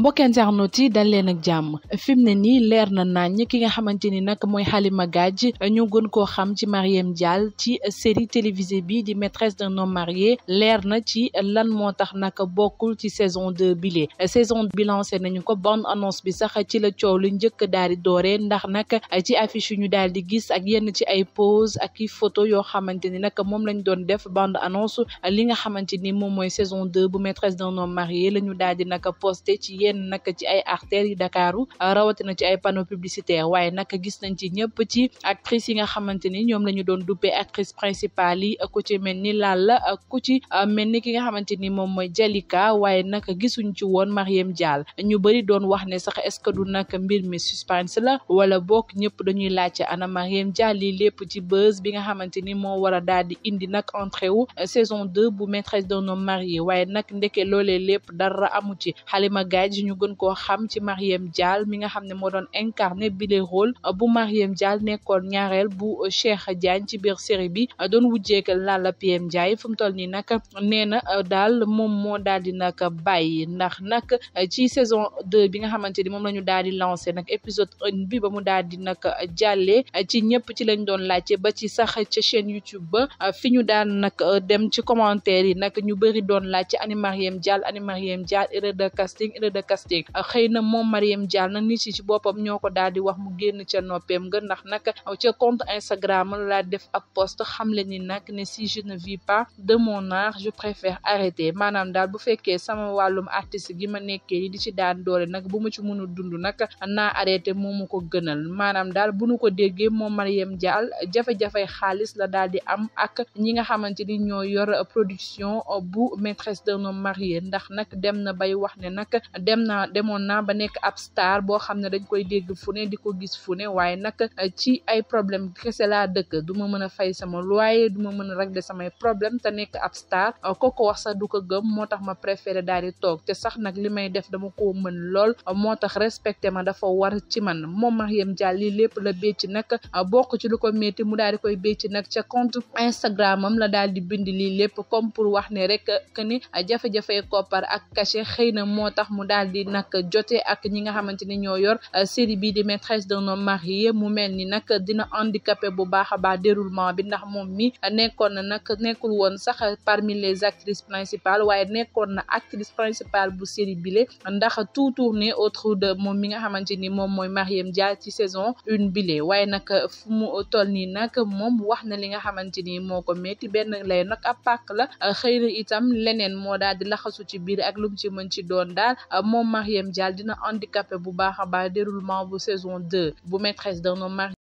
mbokk internautes yi dal leen ak jàmm fi mu ne nii leer na nañ ki nga xamante ni nag mooy Halima Gadji ñu gën koo xam ci Mariem Dial ci série télévisée bi di maîtresse d'un homme marié leer na ci lan moo tax nag bokkul ci saison deux bile saison bi nañu ko bonne annonce bi sax ci la coow lu njëkk daal di dooree ndax nag ci affiche yu ñu daal di gis ak yenn ci ay pose ak i photo yoo xamante ni nag moom lañ doon def bande annonce li nga xamante ni moom mooy saison deux bu maîtresse d'un homme marié la ñu daal di nag yenn nag ci ay artères yi Dakaaru euh, rawatina ci ay panneaux publicitaires waaye nag gis nañ ci ñëpp ci actrices yi nga xamante ni ñoom la ñu doon duppee actrice principale yi ku ci mel ni Lalla ku ci euh, mel ni ki nga xamante ni moom mooy Jalika waaye nag gisuñ ci woon Mariam Dial ñu bëri doon wax ne sax est-ce que du nag mbir mi suspense la wala boog ñëpp dañuy laajte ana Mariam Dial lii lépp ci buzz bi nga xamante ni moo war a daal di indi nag entrée wu euh, saison deux bu maîtresse ji ñu gën koo xam ci Marième Dial mi nga xam ne moo doon incarné bile rôle euh, bu Marième Dial nekkoon ñaareel bu euh, Cheikh Diagne ci biir série bi euh, doon wujjeek Lalla PM Ndiaye fu mu toll nii nag nee na daal moom moo daal di nag bàyyi ndax nag ci saison deux bi nga xamante ni moom lañu daal di lancé nag épisode bi ba mu daal di nag jàllee ci ñëpp ci lañ doon laajte ba ci sax ca chaîne YouTube ba fi ñu daan nag dem ci commentaire yi nag ñu bëri doon laajte ani Castex xëy na moom Mariam Diallo nit yi ci boppam ñoo ko daal di wax mu génn ca noppeem nga ndax nag ca compte Instagram laa def ab post xamle ni nag ne si je ne vis pas de mon art je préfère arrêter maanaam daal bu fekkee sama wàllum artiste gi ma nekkee di ci daan doole nag bu mu ci mënul dund nag naa arrêté moomu ko gënal maanaam daal bu nu ko déggee moom Mariam Diallo jafe-jafe xaalis la daal di am ak ñi nga xamante ni ñoo yor production bu maîtresse d'un homme ndax nag dem na bay wax ne nag dem dem na demoon na ba nekk ab star boo xam ne dañ koy dégg fu ne di ko gis fu ne waaye nag eh, ci ay problème kese laa dëkk du mën a fay sama loyer du ma mën a régler samay problème te nekk ab star kooku eh, wax sax du ko gëm moo tax ma préféré daal di toog te sax nag li may def dama ko mën lool eh, moo tax respecté ma dafa war ci man moom Mariam Diallo lii lépp la bécc nag bokk ci lu ko métti mu daal di koy bécc nag ca compte Instagram am la daal di bind lii lépp comme pour wax ne rek que daal di nag jote ak ñi nga xamante ni ñoo yor euh, série bi di maîtresse d'un homme marié mu mel ni nag dina handicapé bu baax a baax déroulement bi ndax moom mi nekkoon na nag nekkul woon sax parmi les actrices principales waaye nekkoon na actrice principale bu série bile ndax tout tourné autour moom mi nga xamante ni moom mooy Mariam Dia ci saison une bile waaye nag fu mu toll nii nag moom wax na li nga xamante ni moo ko métti benn lay nag ab pak la xëy na itam leneen moo daal di laxasu ci ci doon moom Marième Dial dina handicapé bu baax a baax déroulement bu saison 2 bu maîtresse d'un homme marié